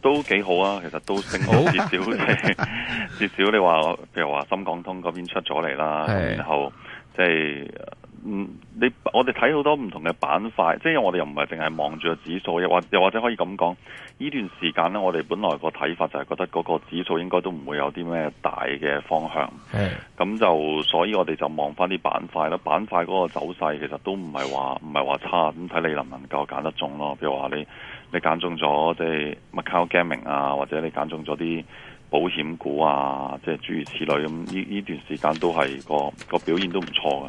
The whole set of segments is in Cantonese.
都幾好啊，其實都升好，至少，至少你話，譬如話深港通嗰邊出咗嚟啦，是然後即係，嗯，你我哋睇好多唔同嘅板塊，即係我哋又唔係淨係望住個指數，又或又或者可以咁講，呢段時間咧，我哋本來個睇法就係覺得嗰個指數應該都唔會有啲咩大嘅方向，咁是就所以我哋就望翻啲板塊啦，板塊嗰個走勢其實都唔係話唔係話差，咁睇你能唔能夠揀得中咯，譬如話你。你揀中咗即係 Macau Gaming 啊，或者你揀中咗啲保險股啊，即係諸如此類。咁，呢呢段時間都係個個表現都唔錯嘅。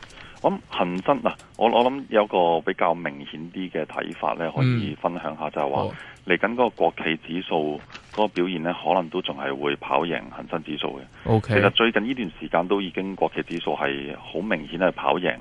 咁恒生啊，我我諗有一個比較明顯啲嘅睇法咧，可以分享下、嗯、就係話嚟緊嗰個國企指數嗰個表現咧，可能都仲係會跑贏恒生指數嘅。OK，其實最近呢段時間都已經國企指數係好明顯係跑贏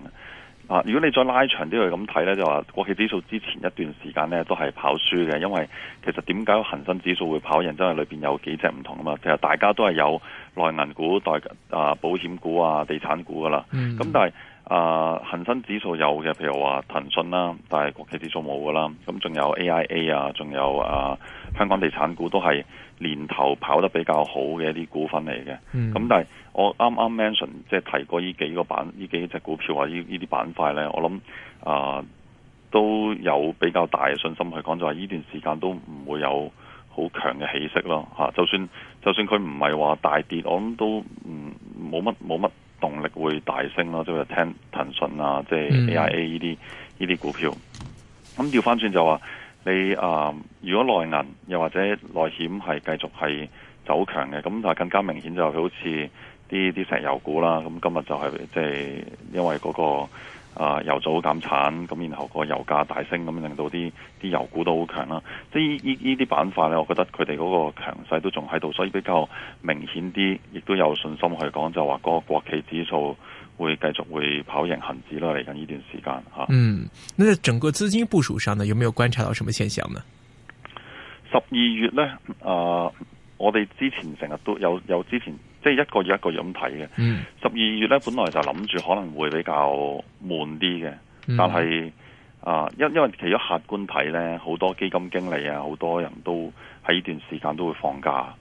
啊！如果你再拉長啲去咁睇咧，就話國企指數之前一段時間咧都係跑輸嘅，因為其實點解恒生指數會跑贏，真係裏邊有幾隻唔同啊嘛，其實大家都係有內銀股、代啊、呃、保險股啊、地產股噶啦，咁、嗯、但係。啊，uh, 恒生指數有嘅，譬如話騰訊啦，但係國企指數冇噶啦。咁仲有 AIA 啊，仲有啊香港地產股都係年頭跑得比較好嘅一啲股份嚟嘅。咁、嗯、但係我啱啱 mention 即係提過呢幾個板、呢幾隻股票啊、版呢呢啲板塊咧，我諗啊、呃、都有比較大嘅信心去講，就係呢段時間都唔會有好強嘅起色咯。嚇，就算就算佢唔係話大跌，我諗都唔冇乜冇乜。嗯動力會大升咯，即係聽騰訊啊，即係 AIA 呢啲呢啲股票。咁調翻轉就話、是、你啊、呃，如果內銀又或者內險係繼續係走強嘅，咁就更加明顯就係、是、好似啲啲石油股啦。咁、嗯、今日就係即係因為嗰、那個。啊、呃，油早減產咁，然後個油價大升，咁令到啲啲油股都好強啦。即係依依啲板塊咧，我覺得佢哋嗰個強勢都仲喺度，所以比較明顯啲，亦都有信心去講，就話個國企指數會繼續會跑贏恒指啦。嚟緊呢段時間吓。啊、嗯，那在整個資金部署上呢，有沒有觀察到什麼現象呢？十二月呢，誒、呃，我哋之前成日都有有，有之前。即係一個月一個月咁睇嘅。十二月咧，本來就諗住可能會比較悶啲嘅。但係啊，因因為其實客觀睇咧，好多基金經理啊，好多人都喺呢段時間都會放假。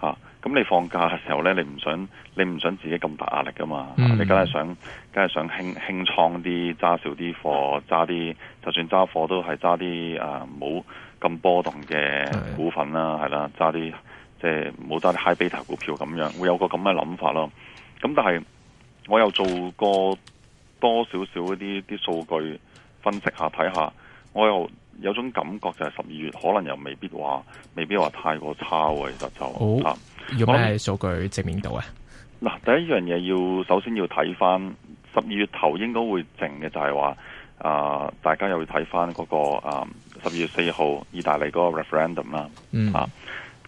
吓，咁你放假嘅時候咧，你唔想你唔想自己咁大壓力噶嘛？你梗係想，梗係想輕輕倉啲，揸少啲貨，揸啲就算揸貨都係揸啲啊，冇咁波動嘅股份啦，係啦，揸啲。即係冇揸啲 high beta 股票咁樣，會有個咁嘅諗法咯。咁但係我又做過多少少啲啲數據分析下睇下，我又有種感覺就係十二月可能又未必話，未必話太過差喎。其實就、哦、數啊，有咩數據證明到啊？嗱，第一樣嘢要首先要睇翻十二月頭應該會靜嘅，就係話啊，大家又要睇翻嗰個啊十二月四號意大利嗰個 referendum 啦，嗯、啊。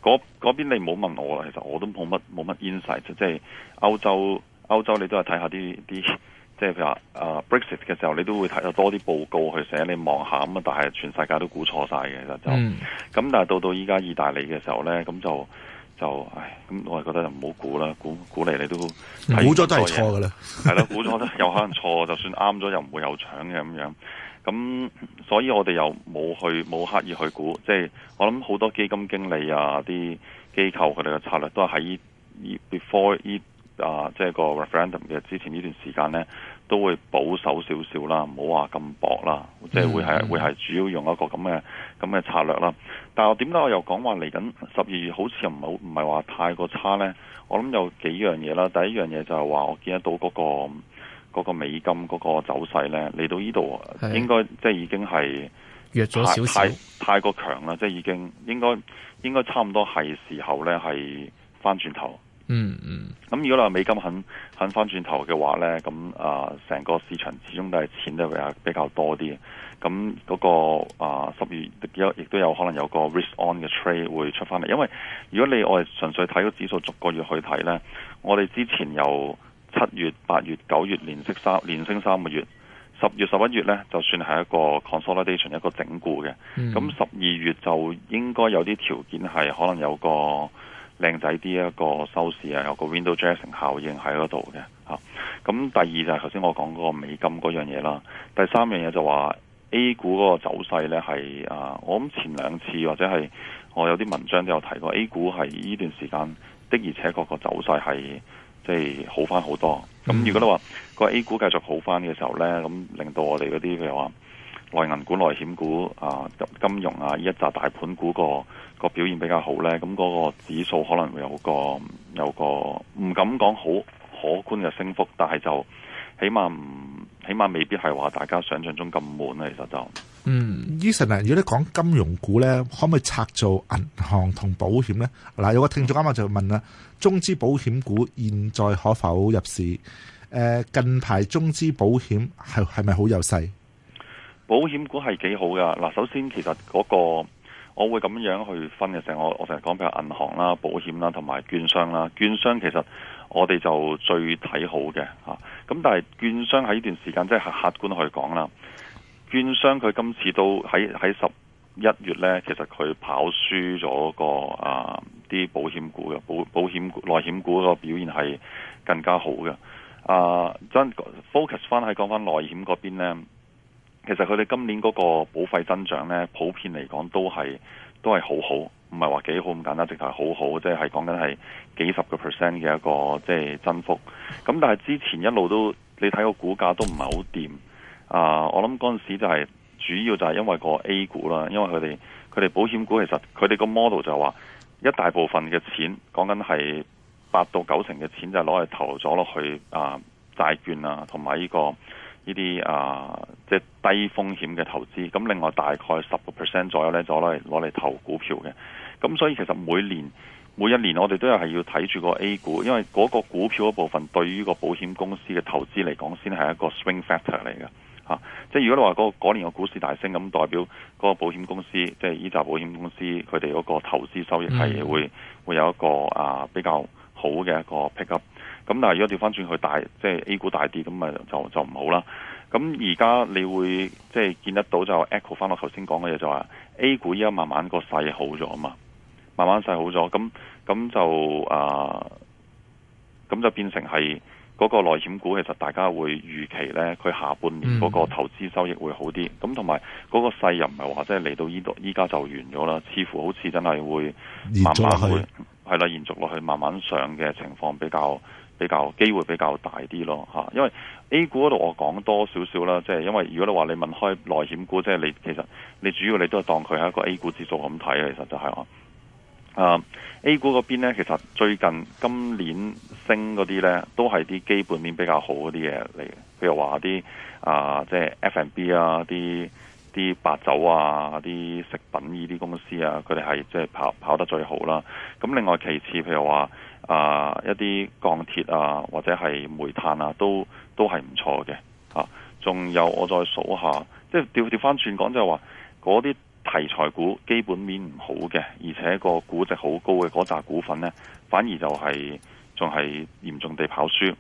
嗰嗰邊你唔好問我啦，其實我都冇乜冇乜 insight，即係歐洲歐洲你都係睇下啲啲，即係譬如話誒、呃、Brexit 嘅時候，你都會睇到多啲報告去寫，你望下咁啊，但係全世界都估錯晒嘅，其實就咁，嗯、但係到到依家意大利嘅時候咧，咁就就唉，咁我係覺得就唔好估啦，估估嚟，你都估咗都係錯嘅啦，係 咯，估咗咧有可能錯，就算啱咗又唔會有搶嘅咁樣。咁所以我哋又冇去冇刻意去估，即係我諗好多基金經理啊、啲機構佢哋嘅策略都係喺依 before 依啊，即係個 referendum 嘅之前呢段時間咧，都會保守少少啦，唔好話咁搏啦，即係會係 會係主要用一個咁嘅咁嘅策略啦。但係我點解我又講話嚟緊十二月好似又唔好唔係話太過差咧？我諗有幾樣嘢啦，第一樣嘢就係話我見得到嗰個。嗰個美金嗰個走勢咧，嚟到呢度的應該即係已經係弱咗少少，太過強啦，即係已經應該應該差唔多係時候咧，係翻轉頭嗯。嗯嗯，咁如果你話美金肯肯翻轉頭嘅話咧，咁啊成個市場始終都係錢咧比較多啲。咁嗰、嗰個啊十二、呃、月亦都有可能有個 risk on 嘅 trade 會出翻嚟，因為如果你我係純粹睇個指數逐個月去睇咧，我哋之前又。七月、八月、九月連升三連升三個月，十月、十一月呢，就算係一個 consolidation 一個整固嘅。咁十二月就應該有啲條件係可能有個靚仔啲一個收市啊，有個 window dressing 效應喺嗰度嘅嚇。咁、啊、第二就係頭先我講嗰個美金嗰樣嘢啦。第三樣嘢就話 A 股嗰個走勢呢係啊，我諗前兩次或者係我有啲文章都有提過、mm hmm.，A 股係呢段時間的而且確個走勢係。即係好翻好多，咁、嗯、如果你話個 A 股繼續好翻嘅時候呢，咁令到我哋嗰啲譬如話內銀股、內險股啊、金融啊一紮大盤股個個表現比較好呢，咁、那、嗰個指數可能會有個有個唔敢講好可觀嘅升幅，但係就起碼唔起碼未必係話大家想象中咁滿咧，其實就。嗯 Ethan 啊，如果你講金融股咧，可唔可以拆做銀行同保險咧？嗱，有個聽眾啱啱就問啦：「中資保險股現在可否入市？誒，近排中資保險係係咪好有勢？保險股係幾好噶？嗱，首先其實嗰、嗰個我會咁樣去分嘅時候，我我成日講譬如銀行啦、保險啦、同埋券商啦。券商其實我哋就最睇好嘅吓，咁但係券商喺呢段時間即係客觀去講啦。券商佢今次都喺喺十一月呢，其實佢跑輸咗、嗰個啊啲、呃、保險股嘅保保險內險股個表現係更加好嘅啊、呃！真 focus 翻喺講翻內險嗰邊呢，其實佢哋今年嗰個保費增長呢，普遍嚟講都係都係好好，唔係話幾好咁簡單，直頭係好好，即係講緊係幾十個 percent 嘅一個即係增幅。咁但係之前一路都你睇個股價都唔係好掂。啊！Uh, 我諗嗰陣時就係主要就係因為個 A 股啦，因為佢哋佢哋保險股其實佢哋個 model 就話一大部分嘅錢，講緊係八到九成嘅錢就攞嚟投咗落去啊 uh, 債券啊，同埋呢個呢啲啊即係低風險嘅投資。咁另外大概十個 percent 左右咧，就攞嚟攞嚟投股票嘅。咁所以其實每年每一年我哋都係要睇住個 A 股，因為嗰個股票部分對於個保險公司嘅投資嚟講，先係一個 swing factor 嚟嘅。啊！即係如果你話嗰個嗰年個股市大升，咁代表嗰個保險公司，即係醫集保險公司佢哋嗰個投資收益係會會有一個啊比較好嘅一個 pick up，啊。咁但係如果調翻轉去大，即係 A 股大跌，咁咪就就唔好啦。咁而家你會即係見得到就 echo 翻落頭先講嘅嘢，就話 A 股依家慢慢個勢好咗啊嘛，慢慢勢好咗，咁咁就啊，咁就變成係。嗰個內險股其實大家會預期呢，佢下半年嗰個投資收益會好啲。咁同埋嗰個勢又唔係話即係嚟到呢度依家就完咗啦，似乎好似真係會慢慢會係啦，延續落去慢慢上嘅情況比較比較機會比較大啲咯嚇。因為 A 股嗰度我講多少少啦，即係因為如果你話你問開內險股，即係你其實你主要你都係當佢係一個 A 股指數咁睇，其實就係、係、啊。啊、uh,，A 股嗰邊呢，其實最近今年升嗰啲呢，都係啲基本面比較好嗰啲嘢嚟。譬如話啲、uh, 啊，即係 F＆B 啊，啲、啊、啲白酒啊，啲、啊、食品呢啲公司啊，佢哋係即係跑跑得最好啦。咁另外其次，譬如話啊，uh, 一啲鋼鐵啊，或者係煤炭啊，都都係唔錯嘅。啊，仲有我再數下，即係調調翻轉講就，就係話嗰啲。題材股基本面唔好嘅，而且個估值好高嘅嗰扎股份呢，反而就係仲係嚴重地跑輸。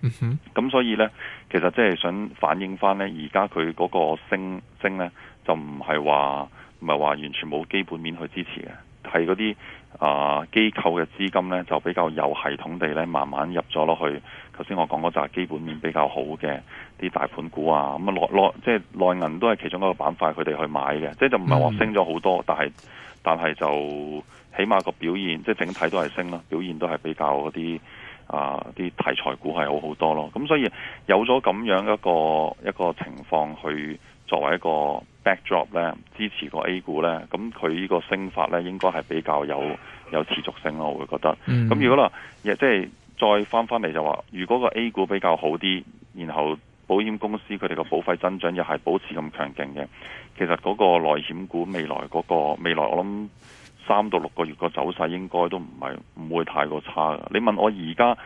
嗯哼。咁所以呢，其實即係想反映翻呢，而家佢嗰個升升呢，就唔係話唔係話完全冇基本面去支持嘅。係嗰啲啊機構嘅資金咧，就比較有系統地咧，慢慢入咗落去。頭先我講嗰紮基本面比較好嘅啲大盤股啊，咁啊內內即係內銀都係其中一個板塊，佢哋去買嘅，即係就唔係話升咗好多，但係但係就起碼個表現即係整體都係升啦，表現都係比較嗰啲啊啲題材股係好好多咯。咁所以有咗咁樣一個一個情況去作為一個 backdrop 咧，支持個 A 股咧，咁佢呢個升法咧，應該係比較有有持續性咯，我會覺得。咁、mm hmm. 如果啦，即係再翻翻嚟就話、是，如果個 A 股比較好啲，然後保險公司佢哋個保費增長又係保持咁強勁嘅，其實嗰個內險股未來嗰、嗰個未來我諗三到六個月個走勢應該都唔係唔會太過差。你問我而家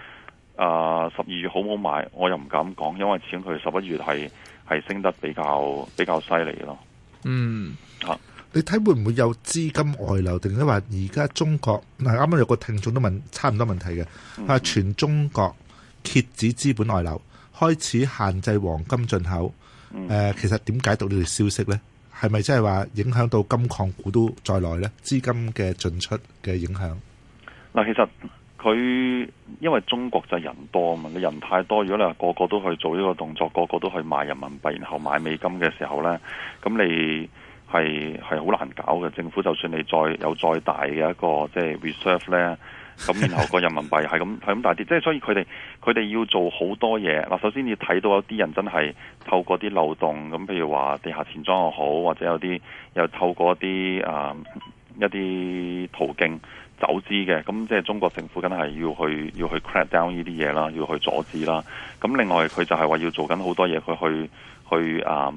啊十二月好唔好買，我又唔敢講，因為始終佢十一月係係升得比較比較犀利咯。嗯，好。你睇會唔會有資金外流？定係話而家中國，嗱啱啱有個聽眾都問差唔多問題嘅，啊，全中國遏止資本外流，開始限制黃金進口。誒、呃，其實點解讀呢條消息呢？係咪即係話影響到金礦股都在內咧？資金嘅進出嘅影響？嗱，其實。佢因為中國就人多啊嘛，你人太多，如果你話個個都去做呢個動作，個個都去賣人民幣，然後買美金嘅時候呢，咁你係係好難搞嘅。政府就算你再有再大嘅一個即係 reserve 呢，咁然後個人民幣係咁係咁大跌，即係所以佢哋佢哋要做好多嘢。嗱，首先你睇到有啲人真係透過啲漏洞，咁譬如話地下錢莊又好，或者有啲又透過啲啊一啲、呃、途徑。走資嘅，咁即係中國政府，梗係要去要去 crack down 呢啲嘢啦，要去阻止啦。咁另外佢就係話要做緊好多嘢，佢去去啊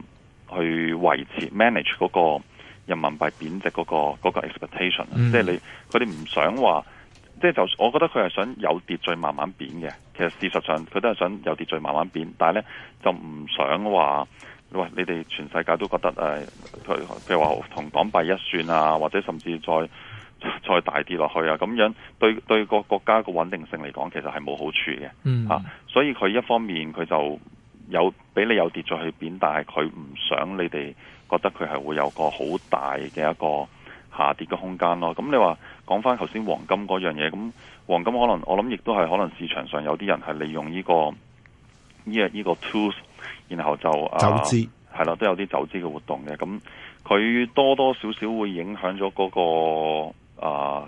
去維持 manage 嗰個人民幣貶值嗰、嗰個、嗰個 expectation，、嗯、即係你佢哋唔想話，即係就我覺得佢係想有秩序慢慢貶嘅。其實事實上佢都係想有秩序慢慢貶，但係呢，就唔想話喂你哋全世界都覺得誒、呃，譬如話同港幣一算啊，或者甚至再。再大跌落去啊！咁樣對對個國家個穩定性嚟講，其實係冇好處嘅。嗯，吓、啊，所以佢一方面佢就有俾你有跌咗去貶，但係佢唔想你哋覺得佢係會有個好大嘅一個下跌嘅空間咯。咁、嗯、你話講翻頭先黃金嗰樣嘢，咁、嗯、黃金可能我諗亦都係可能市場上有啲人係利用呢、個呢、個呢、個 tools，然後就走資係啦、呃，都有啲走資嘅活動嘅。咁、嗯、佢多多少少會影響咗嗰、個。啊！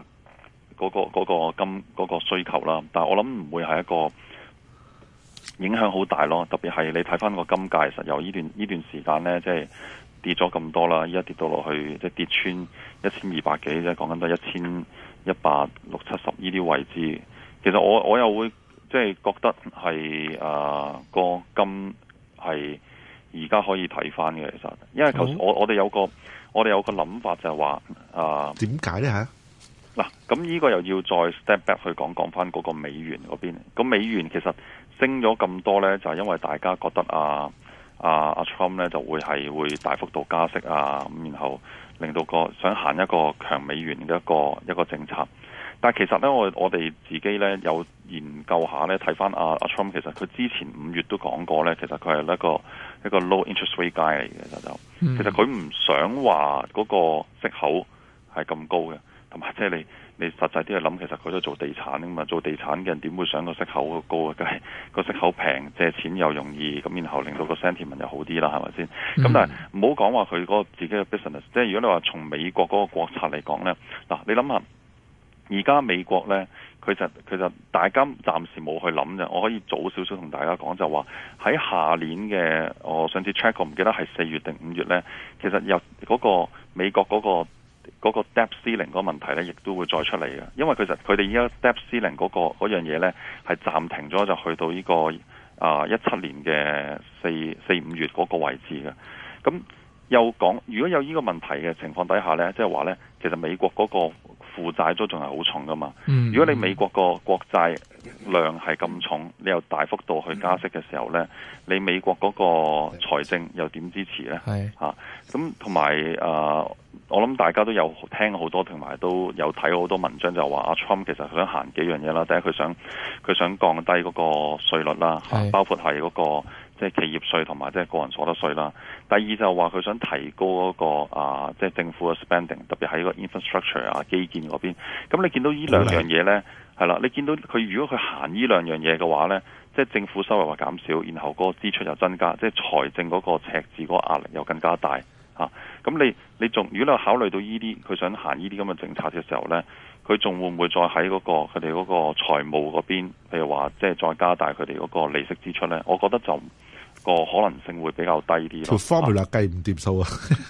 嗰、嗰個嗰個金嗰、嗰個、需求啦，但係我諗唔會係一個影響好大咯。特別係你睇翻個金價，其實由呢段呢段時間咧，即係跌咗咁多啦。依家跌到落去，即係跌穿一千二百幾，即係講緊都係一千一百六七十呢啲位置。其實我我又會即係覺得係啊個金係而家可以睇翻嘅，其實因為頭先我我哋有個我哋有個諗法就係話啊點解咧嚇？嗱，咁呢個又要再 step back 去講講翻嗰個美元嗰邊。咁美元其實升咗咁多呢，就係、係、因為大家覺得啊啊阿 Trump、啊、呢就會係會大幅度加息啊，咁然後令到個想行一個強美元嘅一個一個政策。但係其實呢，我我哋自己呢有研究下呢，睇翻阿阿 Trump 其實佢之前五月都講過呢，其實佢係一個一個 low interest rate guy 嚟嘅，嗯、其實佢唔想話嗰個息口係咁高嘅。同埋即係你，你實際啲去諗，其實佢都做地產㗎嘛。做地產嘅人點會想到息口咁高啊？梗係個息口平，借錢又容易，咁然後令到個 sentiment 又好啲啦，係咪先？咁、嗯、但係唔好講話佢嗰個自己嘅 business。即係如果你話從美國嗰個國策嚟講呢，嗱、啊、你諗下，而家美國呢，佢就其實大家暫時冇去諗啫。我可以早少少同大家講就話，喺下年嘅我上次 check 過，唔記得係四月定五月呢，其實入嗰個美國嗰、嗰個。嗰個 debt ceiling 嗰個問題咧，亦都會再出嚟嘅，因為其實佢哋依家 debt ceiling 嗰個嗰樣嘢咧，係暫停咗就去到呢個啊一七年嘅四四五月嗰個位置嘅，咁又講如果有呢個問題嘅情況底下咧，即係話咧，其實美國嗰個負債都仲係好重噶嘛？如果你美國個國債量係咁重，你又大幅度去加息嘅時候咧，你美國嗰個財政又點支持咧？係嚇咁，同埋誒，我諗大家都有聽好多，同埋都有睇好多文章就，就話阿 Trump 其實佢想行幾樣嘢啦。第一佢想佢想降低嗰個稅率啦，是包括係嗰個。即係企業稅同埋即係個人所得稅啦。第二就話佢想提高嗰、嗰個啊，即係政府嘅 spending，特別喺個 infrastructure 啊基建嗰邊。咁你見到呢兩樣嘢呢，明白，係啦，你見到佢如果佢行呢兩樣嘢嘅話呢，即係政府收入話減少，然後嗰個支出又增加，即係財政嗰個赤字嗰個壓力又更加大嚇。咁、啊、你你仲如果你考慮到呢啲佢想行呢啲咁嘅政策嘅時候呢。佢仲會唔會再喺嗰、嗰個佢哋嗰個財務嗰邊，譬如話即係再加大佢哋嗰個利息支出呢？我覺得就個可能性會比較低啲。條 formula 計唔掂數啊，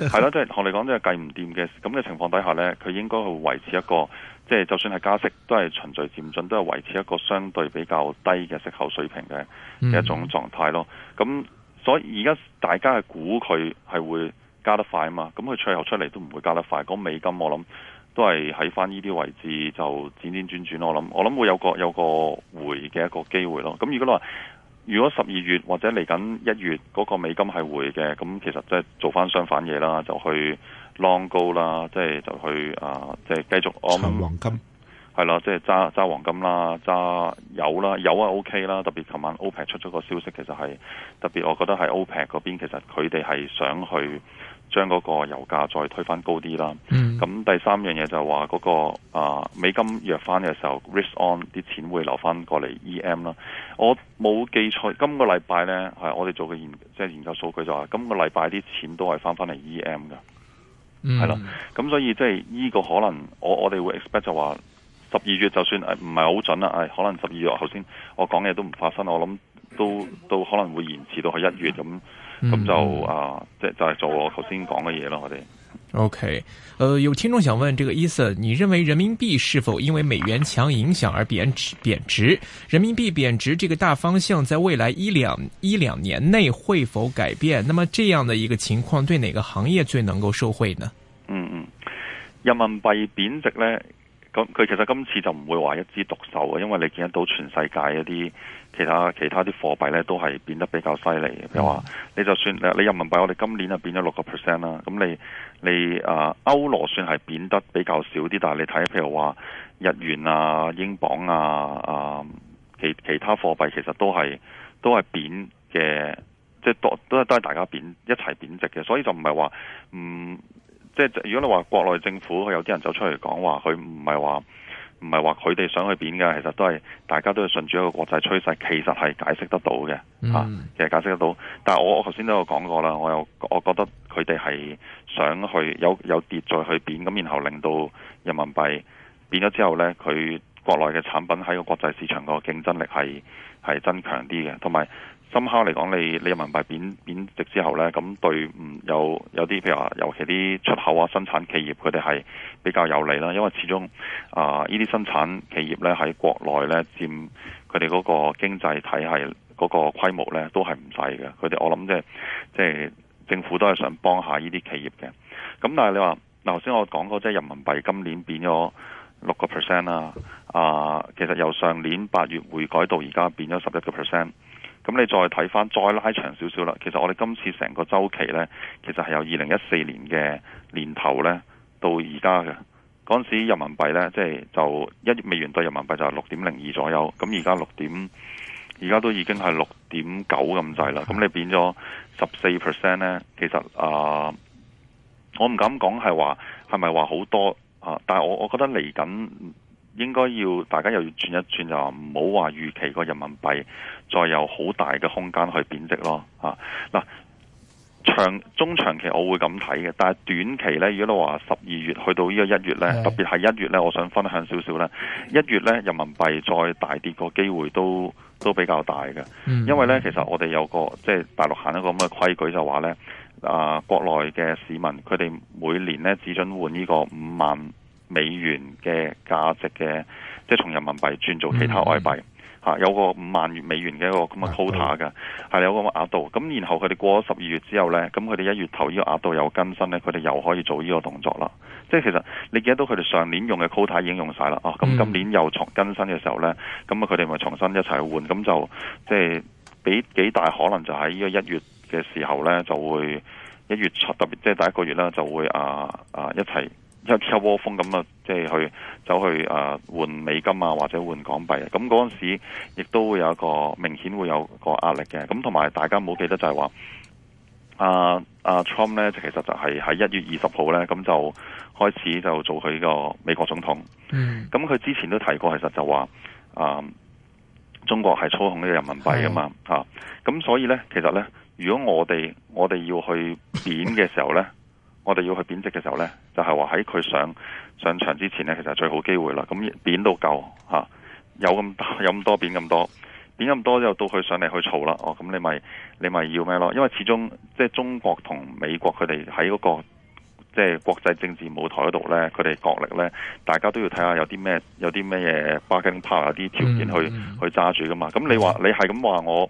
係 咯，即係同你講即係計唔掂嘅咁嘅情況底下呢，佢應該會維持一個即係就算係加息都係循序漸進，都係維持一個相對比較低嘅息口水平嘅一種狀態咯。咁、嗯、所以而家大家係估佢係會加得快啊嘛，咁佢最後出嚟都唔會加得快。嗰、嗰個、美金我諗。.都係喺翻呢啲位置，就展展轉轉轉轉，我諗我諗會有個有個回嘅一個機會咯。咁如果話如果十二月或者嚟緊一月嗰個美金係回嘅，咁其實即係做翻相反嘢啦，就去 long go 啦、呃，即係就去啊，即係繼續按、嗯、黃金，係啦，即係揸揸黃金啦，揸油啦，油啊 OK 啦。特別琴晚 OPEC 出咗個消息，其實係特別，我覺得係 OPEC 嗰邊其實佢哋係想去。將嗰個油價再推翻高啲啦。咁、嗯、第三樣嘢就係話嗰個啊、呃、美金弱翻嘅時候，risk on 啲錢會留翻過嚟 EM 啦。我冇記錯，今個禮拜呢，係我哋做嘅研即係、就是、研究數據就話，今個禮拜啲錢都係翻翻嚟 EM 嘅。係、嗯、啦，咁所以即係呢個可能，我我哋會 expect 就話十二月就算唔係好準啦、哎。可能十二月頭先我講嘢都唔發生，我諗都都可能會延遲到去一月咁。咁就啊，即係就係做我頭先講嘅嘢咯，我哋。OK，呃，有聽眾想問，這個 Ethan，你認為人民幣是否因為美元強影響而貶值？貶值，人民幣貶值這個大方向，在未來一兩一兩年內會否改變？那麼，這樣的一個情況對哪個行業最能夠受惠呢？嗯嗯，人民幣貶值呢？咁佢其實今次就唔會話一枝獨秀嘅，因為你見得到全世界一啲其他其他啲貨幣咧，都係貶得比較犀利嘅。譬如話，你就算你人民幣，我哋今年啊貶咗六個 percent 啦。咁你你啊、呃、歐羅算係貶得比較少啲，但係你睇譬如話日元啊、英鎊啊啊、呃、其其他貨幣其實都係都係貶嘅，即係，都都係都係大家貶一齊貶值嘅，所以就唔係話唔。嗯即係如果你話國內政府佢有啲人走出嚟講話佢唔係話唔係話佢哋想去貶嘅，其實都係大家都係順住一個國際趨勢，其實係解釋得到嘅嚇、嗯啊，其實解釋得到。但係我我頭先都有講過啦，我又我，我覺得佢哋係想去有有跌再去貶咁，然後令到人民幣貶咗之後呢，佢國內嘅產品喺個國際市場個競爭力係係增強啲嘅，同埋。深刻嚟講，你你人民幣貶貶值之後呢，咁對嗯有有啲譬如話，尤其啲出口啊生產企業佢哋係比較有利啦，因為始終啊呢啲生產企業呢，喺國內呢佔佢哋嗰個經濟體係嗰個規模呢，都係唔細嘅。佢哋我諗即係政府都係想幫下呢啲企業嘅。咁但係你話嗱頭先我講過，即係人民幣今年變咗六個 percent 啊，啊、呃、其實由上年八月匯改到而家變咗十一個 percent。咁你再睇翻，再拉長少少啦。其實我哋今次成個周期呢，其實係由二零一四年嘅年頭呢到而家嘅嗰陣時，人民幣呢，即係就一美元對人民幣就係六點零二左右。咁而家六點，而家都已經係六點九咁滯啦。咁你變咗十四 percent 呢？其實啊、呃，我唔敢講係話係咪話好多啊，但係我我覺得嚟緊。應該要大家又要轉一轉，就話唔好話預期個人民幣再有好大嘅空間去貶值咯。啊，嗱，長中長期我會咁睇嘅，但係短期呢，如果你話十二月去到呢個一月呢，是特別係一月呢，我想分享少少咧。一月呢，人民幣再大跌個機會都都比較大嘅，嗯、因為呢，其實我哋有個即係、就是、大陸行一個咁嘅規矩就，就話呢啊，國內嘅市民佢哋每年呢，只准換呢個五萬美元嘅價值嘅，即係從人民幣轉做其他外幣，嚇、mm hmm. 啊、有個五萬美元嘅一個咁嘅 quota 嘅，係有咁嘅額度。咁然後佢哋過咗十二月之後呢，咁佢哋一月頭呢個額度又更新呢，佢哋又可以做呢個動作啦。即係其實你記得到佢哋上年用嘅 quota 已經用晒啦，哦、啊，咁今年又重更新嘅時候呢，咁啊佢哋咪重新一齊換，咁就即係俾幾大可能就喺呢個一月嘅時候呢，就會一月初特別即係第一個月啦，就會啊啊，啊一齊。一一窩蜂咁啊，即係去走去啊換、呃、美金啊，或者換港幣啊，咁嗰陣時亦都有會有一個明顯會有個壓力嘅。咁同埋大家唔好記得就係話阿啊 Trump 咧、啊，其實就係喺一月二十號咧，咁、嗯、就開始就做佢呢個美國總統。嗯，咁佢、嗯嗯、之前都提過其、呃嗯啊，其實就話啊，中國係操控呢個人民幣啊嘛，吓咁所以咧，其實咧，如果我哋我哋要去貶嘅時候咧。 我哋要去貶值嘅時候呢，就係話喺佢上上場之前呢，其實最好機會啦。咁貶到夠嚇、啊，有咁有咁多貶咁多，貶咁多又到佢上嚟去嘈啦。哦，咁你咪你咪要咩咯？因為始終即係中國同美國佢哋喺嗰個即係國際政治舞台嗰度呢，佢哋角力呢，大家都要睇下有啲咩有啲咩嘢，bargain power 有啲條件去、嗯、去揸住噶嘛。咁你話你係咁話我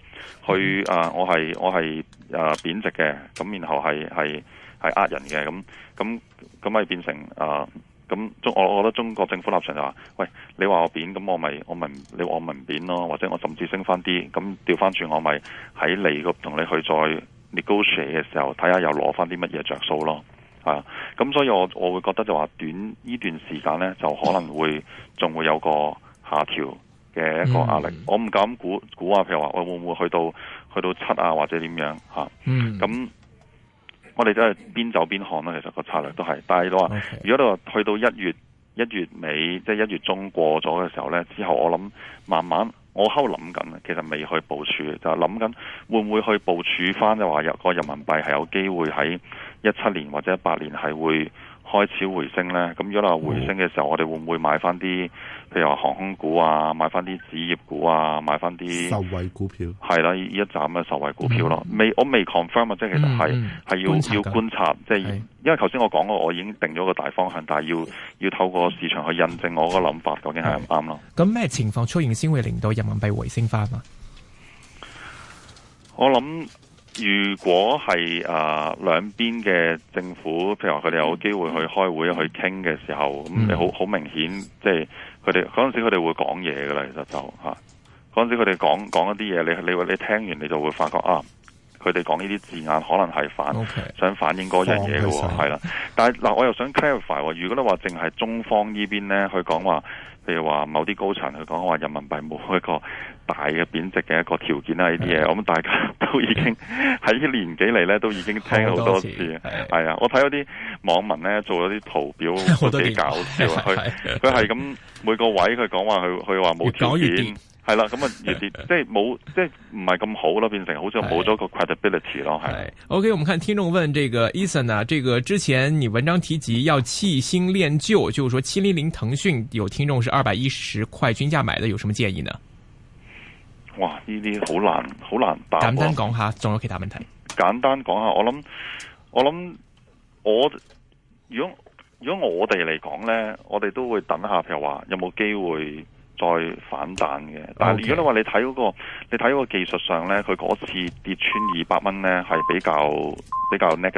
去啊？我係我係啊貶值嘅，咁然後係係。，係呃人嘅，咁咁咁咪變成啊咁、呃、中我我覺得中國政府立場就話：喂，你話我貶咁，我咪我咪你我唔貶咯，或者我甚至升翻啲咁調翻轉，我咪喺你度同你去再 negotiate 嘅時候，睇下又攞翻啲乜嘢着數咯嚇。咁、啊、所以我我會覺得就話短呢段時間咧，就可能會仲會有個下調嘅一個壓力。嗯、我唔敢估估話譬如話喂會唔會去到去到七啊或者點樣嚇？咁、啊。嗯嗯我哋都係邊走邊看啦，其實個策略都係。但係你話，如果你話去到一月一月尾，即係一月中過咗嘅時候呢，之後我諗慢慢，我喺度諗緊咧，其實未去部署，就係諗緊會唔會去部署返就話有個人民幣係有機會喺一七年或者一八年係會開始回升咧，咁如果話回升嘅時候，我哋會唔會買翻啲，譬如話航空股啊，買翻啲紙業股啊，買翻啲受惠股票。係啦，呢一站嘅受惠股票咯。嗯、未，我未 confirm 啊，即係其實係係、嗯、要觀要觀察，即係的因為頭先我講過，我已經定咗個大方向，但係要要透過市場去印證我個諗法，究竟係唔啱咯。咁咩情況出現先會令到人民幣回升翻啊？我諗。如果係啊，兩邊嘅政府，譬如話佢哋有機會去開會去傾嘅時候，咁你好好明顯，即係佢哋嗰陣時佢哋會講嘢㗎喇，其實就嚇嗰陣時佢哋講講一啲嘢，你你你聽完你就會發覺啊。佢哋講呢啲字眼可能係反，okay，想反映嗰樣嘢嘅喎，係啦。但係嗱，我又想 clarify，如果你話淨係中方呢邊咧，佢講話，譬如話某啲高層佢講話人民幣冇一個大嘅貶值嘅一個條件啦，呢啲嘢，我諗大家都已經喺的呢年幾嚟咧，都已經聽好多次。係啊，我睇嗰啲網民咧，做咗啲圖表都幾 點搞笑啊。佢佢係咁每個位佢講話，佢佢話冇條件。係啦，咁啊，亦即係即係冇，即係唔係咁好啦，變成好似冇咗個 credibility 咯，係。OK，我們看聽眾問這個 Ethan 啊，這個之前你文章提及要棄新戀舊，就是說七零零騰訊有聽眾是二百一十塊均價買的，有什麼建議呢？哇，呢啲好難，好難答。簡單講下，仲有其他問題？簡單講下，我諗，我諗，我如果如果我哋嚟講呢，我哋都會等一下譬如話，有冇機會？再反彈嘅，但係 Okay. 如果你話你睇嗰個，你睇嗰個技術上咧，佢嗰次跌穿二百蚊咧，係比較比較 negative。